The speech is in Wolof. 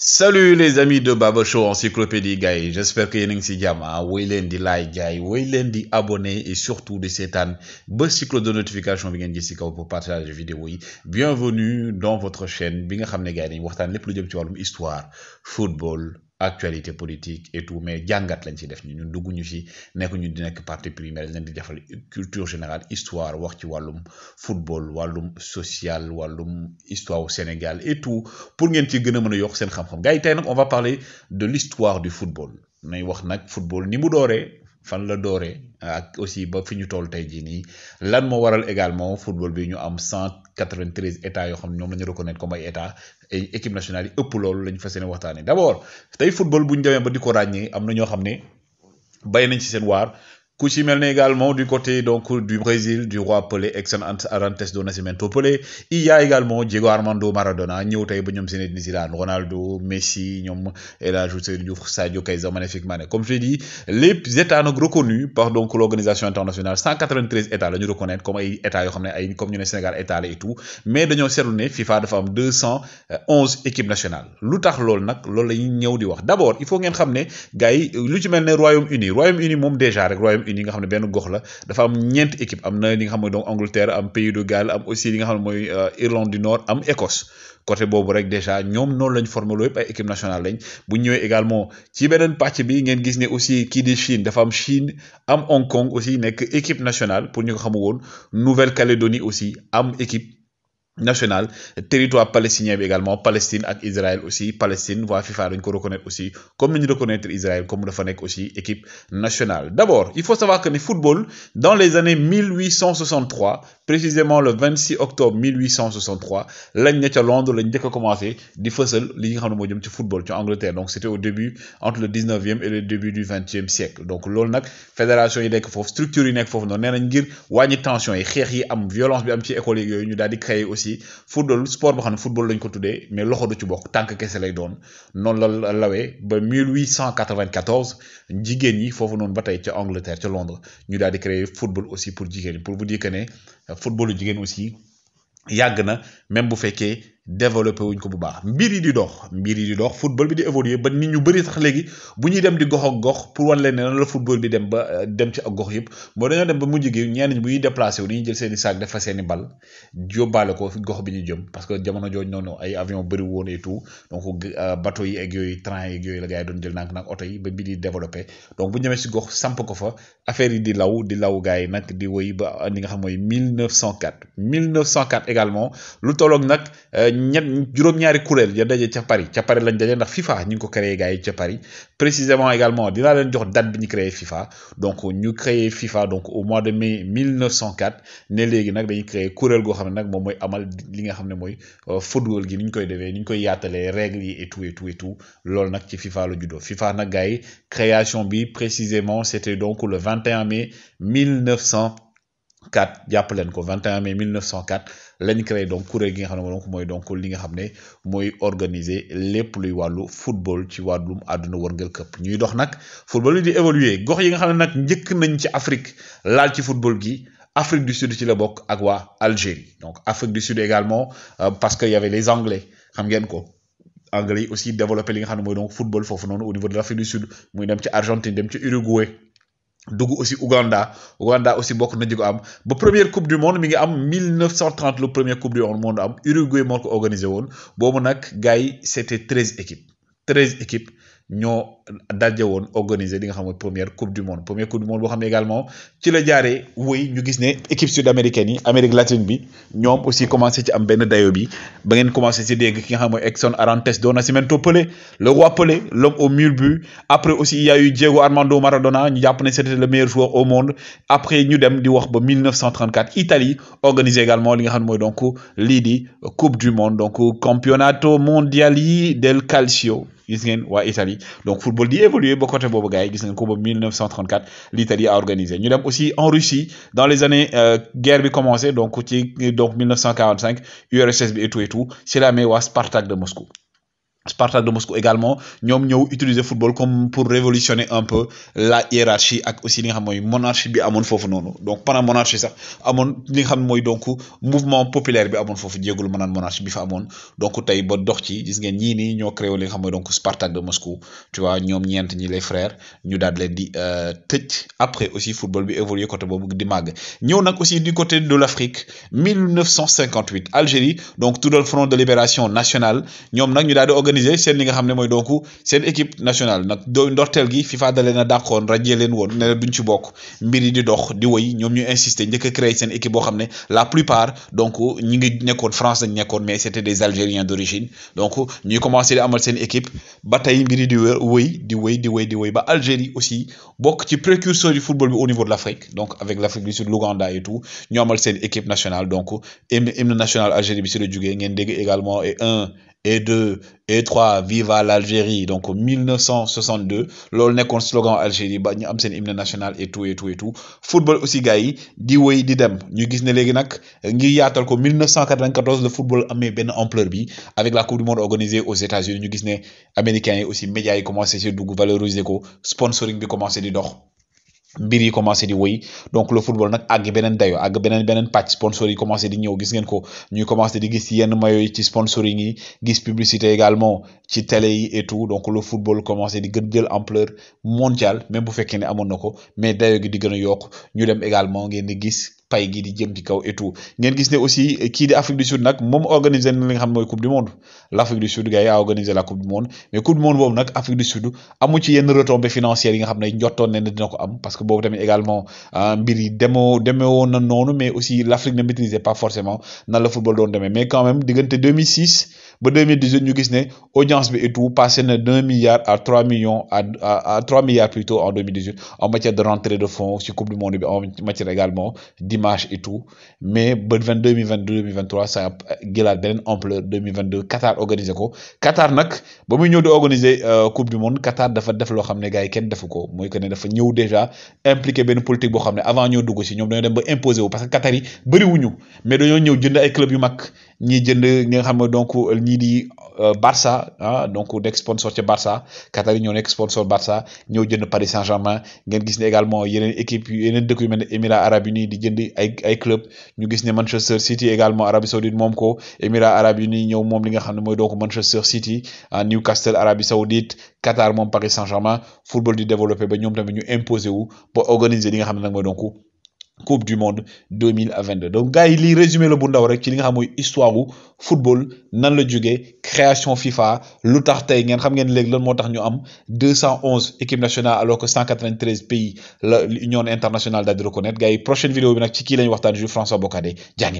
salut les amis de babo encyclopédie Guy. j'espère que vous ah, woy like abonné et surtout de année. ba cycle de notification pour partager vidéo bienvenue dans votre chaîne bi nga gars histoire football actualité politique et tout mais jangat lañ ci def ñu ñun dugg ñu ci nekk ñu di nekk partie primaire leen di defal culture générale histoire wax ci walum football walum social walum histoire au Sénégal et tout pour ngeen ci gëna mëna yox seen xam-xam gay tay nak on va parler de l'histoire du football may wax nak football ni mu doré fan la doré ak aussi ba fiñu toll tay ji ni lan mo waral également football bi ñu am 100 93 états yoo xam ne ñoom la ñu reconnaître comme ay état équipe nationale yi ëpp loolu la ñu fas yéene waxtaanee d' abord tey football bu ñu ba di ko ràññee am na ñoo xam ne bay nañ ci seen waar Kouchimelne également du côté donc du Brésil du roi Pelé Edson Arantes do Nascimento Pelé il y a également Diego Armando Maradona Zinedine Ronaldo Messi ñoom El Hadj Sadio Kaysa Magnifique Mané comme je l'ai dit les états reconnus par l'organisation internationale 193 états la ñu reconnaître comme ay états comme ñu Sénégal état et tout mais de seetlu FIFA de forme 211 équipes nationales lu tax nak, nag la il faut que nous ne gars yi lu Royaume-Uni Royaume-Uni déjà le Royaume Uni nga xamne benn gox la dafa am ñent équipe am na ñi nga xamne donc Angleterre am Pays de Galles am aussi li nga xamne moy euh, Irlande du Nord am Écosse côté bobu rek déjà ñom non lañ former loolu ay équipe nationale lañ bu ñëwé également ci benen patch bi ngeen gis ne aussi kii di Chine dafa am Chine am Hong Kong aussi nek équipe nationale pour ñu ko xamu won Nouvelle-Calédonie aussi am équipe national territoire palestinien également Palestine et Israël aussi Palestine voit FIFA une reconnaître aussi comme une reconnaître Israël comme le fanek aussi équipe nationale D'abord, il faut savoir que le football dans les années 1863 précisément le 26 octobre 1863 l'année de Londres lañ a commencé di fësal li nga xam football en Angleterre donc c'était au début entre le 19e et le début du 20e siècle donc loolu fédération yi nekk foofu structure yi nekk foofu noonu nee ngir wàññi tension yi xeex yi am violence bi am ci école yooyu ñu di aussi football sport boo football lañ ko tuddee mais loxo du ci bokk tànk kese lay doon non, la lawee ba 1894 jigéen yi foofu noonu ba tey en Angleterre en Londres ñu daal di créer football aussi pour jigéen yi pour vous dire que ne footballu jigéen aussi yàgg na même bu fekkee. développé wuñ ko bu baax mbir yi di dox mbir yi di dox football bi di évoluer ba nit ñu bëri sax léegi bu ñuy dem di gox ak gox pour wan leen ne la football bi dem ba euh, dem ci ak gox yëpp moo dañoo dem ba mujj gi ñenn ñi bu ñuy déplacé wu dañuy jël seen i saak def fa seen i bal yóbbaale ko gox bi ñu jëm parce que jamono jooju noonu ay avion bari woon et tout donc euh, bateau yi ak yooyu train yi ak yooyu la gars yi doon jël nànk nag oto yi ba mbir yi développé donc bu ñëmee si gox samp ko fa affaire yi di law di law gars yi nag di wëy ba li nga xam mooy 1904 1904 également lu tolloog nag euh, ñett juróom-ñaari kurel ya dajé ci Paris ci Paris lañ dajé ndax FIFA ñu ngi ko créé gaay ci Paris précisément également dina leen jox date bi ñu créé FIFA donc ñu créé FIFA donc au mois de mai 1904 né légui nak dañuy créé kurel go xamné nak mom moy amal li nga xamné moy euh, football gi ni ñu koy déwé ñu koy yaatalee règles yi et tout et tout et tout loolu nag ci FIFA la judo FIFA nak gaay création bi précisément c'était donc le 21 mai 1900 4 jàpp ko 21 mai 1904 lañ créé donc kuréel gi nga xamné donc moy donc li nga xamné moy mooy organiser lépp luy walu football ci wadlum aduna wërngël cup ñuy dox nak football yi di évoluer gox yi nga xamné nak nag nañ ci Afrique laal ci football gi Afrique du Sud ci la bok ak wa Algérie donc Afrique du Sud également euh, parce que y avait les Anglais xam ngeen ko Anglais aussi développer li nga xamné moy donc football fofu noonu au niveau de l'Afrique du Sud muy dem ci Argentine dem ci Uruguay. D'où aussi Ouganda Ouganda aussi Beaucoup na gens am ba première coupe du monde mi ngi 1930 la première coupe du monde am Uruguay organisé won a nak gay c'était équipes 13 équipes. Nous avons won organiser li nga première coupe du monde première coupe du monde nous avons également ci la jaaree oui, ñu gis né équipe sud américaine yi Amérique latine bi ñom aussi commencé ci am des dayo bi ba ngeen commencé ci dégg ki nga xam Exxon, Edson Arantes do Nascimento Pelé le roi Pelé l'homme au mille buts après aussi il y a eu Diego Armando Maradona ñu japp né c'était le meilleur joueur au monde après ñu dem di wax ba 1934 Italie organiser également li nga donc coupe du monde donc Campionato Mondiale del Calcio gis ngeen Italie donc football di évolué beaucoup de boobu gars 1934 l'Italie a organisé ñu dem aussi en Russie dans les années euh, guerre bi commencé donc ci donc 1945 URSS bi et tout et tout c'est la mais waa Spartak de Moscou. Spartak de Moscou également ñom ñëw utiliser football comme pour révolutionner un peu la hiérarchie ak aussi li nga xam moy monarchie bi amone fofu donc pendant monarchie sax amone li nga xam moy donc mouvement populaire bi amone fofu jégalu ma monarchie bi fa amone. donc tay ba dox ci gis ngeen ñi ni ñoo créé li nga xam donc Spartak de Moscou tu vois ñom ñent ñi les frères ñu daal leen di euh, tëj après aussi football bi évolué côté bobu di mag. ñëw nak aussi du côté de l'Afrique 1958 Algérie donc tout le front de libération nationale ñom nak ñu daal di organiser sen li nga xamné moy donc sen équipe nationale nak ndortel gi FIFA dalena leen a len won né duñ ci bokk mbir di dox di woy ñom ñu insister ñëk créé équipe bo xamné la plupart donc ñi ngi nekkoon France lañ nekkoon mais c'était des Algériens d'origine donc ñuy commencé di amal sen équipe ba tay mbir di woy di woy di woy di woy ba Algérie aussi bokk ci précurseur du football bi au niveau de l'Afrique donc avec l'Afrique du Sud l'Ouganda et tout ñu amal sen équipe nationale donc hymne national Algérie bi ci le jógee ngeen dégg également et un et 2 et 3 viva l'Algérie donc 1962 lol con slogan Algérie ba national et tout et tout et tout football aussi gars yi di wéy di dem ñu ne ngir yaatal 1994 le football américain en ampleur avec la coupe du monde organisée aux États-Unis ñu gis ne américains aussi médias yi commencé ci dug valoriser ko sponsoring bi commencé di dox mbir commencé di donc le football nag àgg dayo sponsor yi commencé di ñëw gis ngeen ko ñuy commencé di gis yenn mayo sponsoring gis publicité également ci télé et tout donc le football commencé di gën ampleur mondiale même bu mais dayo gi di a également ngeen gis pay gi di jëm ci kaw et tout ngeen gis ne aussi kii di Afrique du Sud nag moom organisé na li nga xam mooy coupe du monde l' Afrique du Sud gars yi organiser la coupe du monde mais coupe du monde boobu nag Afrique du Sud amu ci yenn retombées financière yi nga xam ne njottoon ne dina ko am parce que boobu tamit également ah, mbir yi demoo demeewoon na noonu mais aussi l' Afrique ne maîtrisait pas forcément nan la football doon demee mais quand même diggante 2006 ba 2018 ñu est passée audience bi et tout passé na 1 milliard à 3 millions à à milliards plutôt en 2018 en matière de rentrée de fonds ci coupe du monde en matière également dimanche et tout mais ba 2022 2023 ça a jëlaat une ampleur 2022 Qatar organisé ko Qatar nak ba muy ñëw euh, coupe du monde Qatar dafa def lo xam gaay defu ko moy que ne dafa déjà impliqué benn politique avant ñoo dugg ci ñom dem ba imposer wu parce que Qatar yi bari wuñu mais dañu ñëw jënd ay club yu nous jënd ñi nga xam donc ni di euh, Barça ah donc nekk sponsor de Barça Qatar un ñoo sponsor Barça ñoo jënd Paris Saint-Germain ngeen gis également yeneen équipe yeneen dëkk yu mel ne Émirats arabes unis di jënd ay ay club ñu gis ne Manchester City également Arabie saoudite moom ko Émirats arabes unis ñëw moom li nga xam ne donc Manchester City ah, Newcastle Arabie saoudite Qatar moom Paris Saint-Germain football di développé ba ñoom tamit ñu imposé wu ba organiser li nga xam ne nag donc coupe du monde 2022 donc gars yi résumé le bu ndaw rek ci li nga histoire football nan la jugé création FIFA lutax tay ngeen xam ngeen am 211 équipe nationale alors que 193 pays l'union internationale da di reconnaître gars prochaine vidéo bi nak ci waxtaan François Bokade jaa